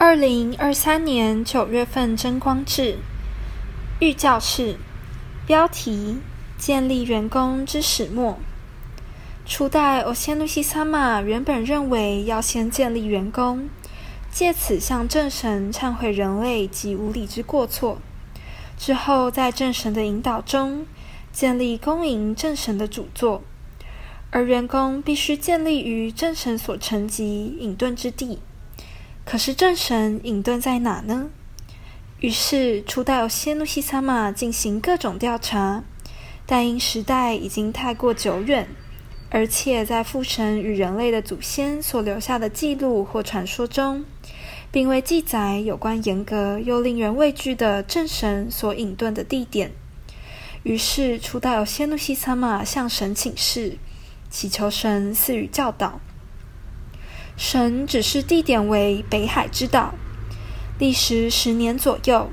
二零二三年九月份，真光誌御教示標題：建立元宮之始末。初代歐仙露西薩瑪原本認為要先建立元宮，借此向正神懺悔人類及無理之過錯。之後，在正神的引導中，建立恭迎正神的主座，而元宮必須建立於正神所乘及隱遁之地。可是正神隱遁在哪呢？於是初代有仙露西參馬進行各種調查，但因時代已經太過久遠，而且在父神與人類的祖先所留下的記錄或傳說中，並未記載有關嚴格又令人畏懼的正神所隱遁的地點。於是初代有仙露西參馬向神請示，祈求神賜予教導。神指示地點為北海之島，歷時十年左右，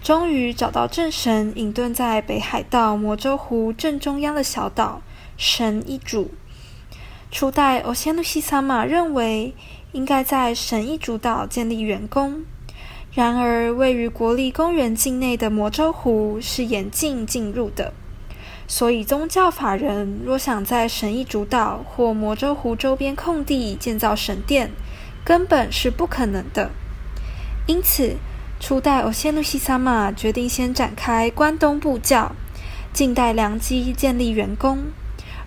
終於找到正神隱遁在北海道摩周湖正中央的小島，神一主。初代歐仙路西薩馬認為應該在神一主島建立元宮，然而位於國立公園境內的摩周湖是嚴禁進入的。所以，宗教法人若想在神意主導或摩洲湖周邊空地建造神殿，根本是不可能的。因此，初代歐仙路西薩馬決定先展開關東布教，靜待良機建立元宮，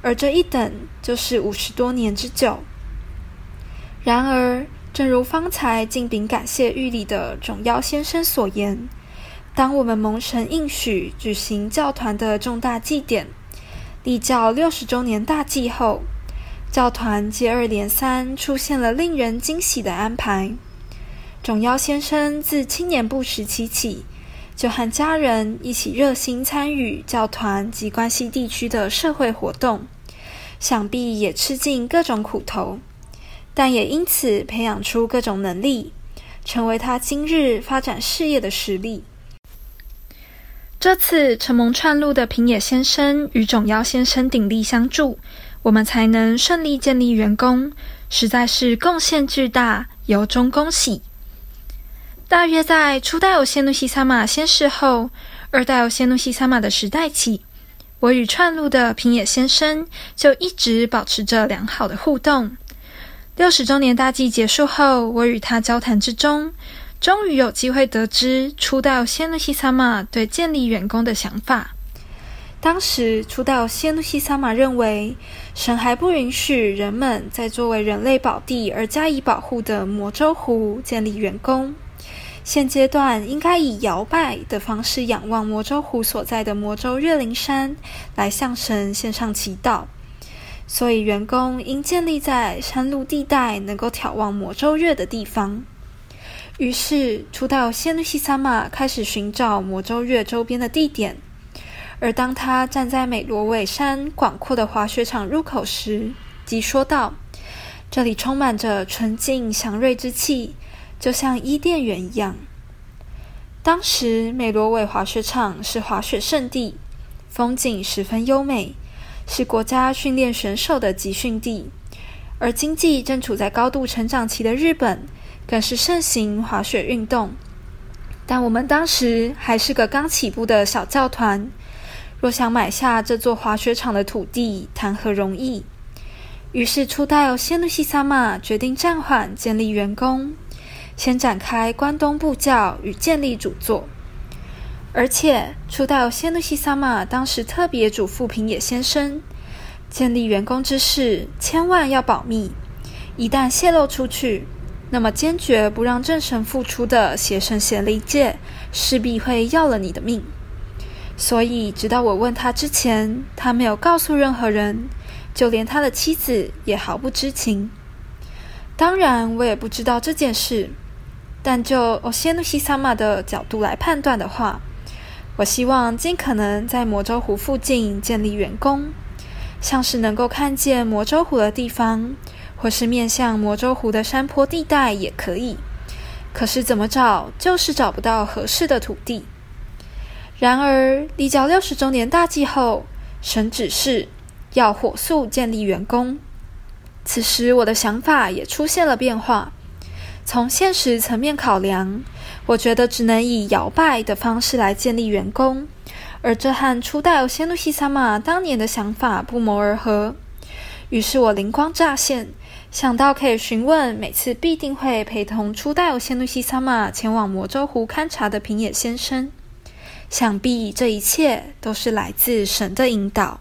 而這一等就是五十多年之久。然而，正如方才敬稟感謝玉禮的總妖先生所言。當我們蒙神應許舉行教團的重大祭典，立教六十周年大祭後，教團接二連三出現了令人驚喜的安排。總妖先生自青年部時期起，就和家人一起熱心參與教團及關西地區的社會活動，想必也吃盡各種苦頭，但也因此培養出各種能力，成為他今日發展事業的實力。這次承蒙串路的平野先生與總妖先生鼎力相助，我們才能順利建立元宮，實在是貢獻鉅大，由衷恭喜。大約在初代有限路西沙瑪先逝後，二代有限路西沙瑪的時代起，我與串路的平野先生就一直保持着良好的互動。六十周年大祭結束後，我與他交談之中，終於有機會得知出道仙路西薩瑪對建立元宮的想法。當時出道仙路西薩瑪認為，神還不允許人們在作為人類寶地而加以保護的摩周湖建立元宮。現階段應該以遙拜的方式仰望摩周湖所在的摩周岳靈山，來向神獻上祈禱，所以元宮應建立在山麓地帶，能夠眺望摩周岳的地方。於是，初到仙路西山馬開始尋找魔州月周邊的地點。而當他站在美羅尾山廣闊的滑雪場入口時，即說道：“這裡充滿着純淨祥瑞之氣，就像伊甸園一樣。”當時，美羅尾滑雪場是滑雪勝地，風景十分優美，是國家訓練選手的集訓地。而經濟正處在高度成長期的日本。更是盛行滑雪運動，但我們當時還是個剛起步的小教團，若想買下這座滑雪場的土地，談何容易？於是初代仙路西薩瑪決定暫緩建立元宮，先展開關東布教與建立主座。而且初代仙路西薩瑪當時特別囑咐平野先生，建立元宮之事千萬要保密，一旦洩露出去，那麼堅決不讓正神付出的邪神邪靈界，勢必會要了你的命。所以，直到我問他之前，他沒有告訴任何人，就連他的妻子也毫不知情。當然，我也不知道這件事。但就奧西努西薩瑪的角度來判斷的話，我希望盡可能在摩周湖附近建立元宮，像是能夠看見摩周湖的地方。或是面向摩周湖的山坡地帶也可以，可是怎麼找就是找不到合適的土地。然而，立教六十周年大祭後，神指示要火速建立元宮。此時，我的想法也出現了變化。從現實層面考量，我覺得只能以遙拜的方式來建立元宮，而這和初代仙路西薩瑪當年的想法不謀而合。於是我靈光乍現。想到可以詢問，每次必定會陪同初代仙露西薩瑪前往魔洲湖勘察的平野先生，想必這一切都是來自神的引導。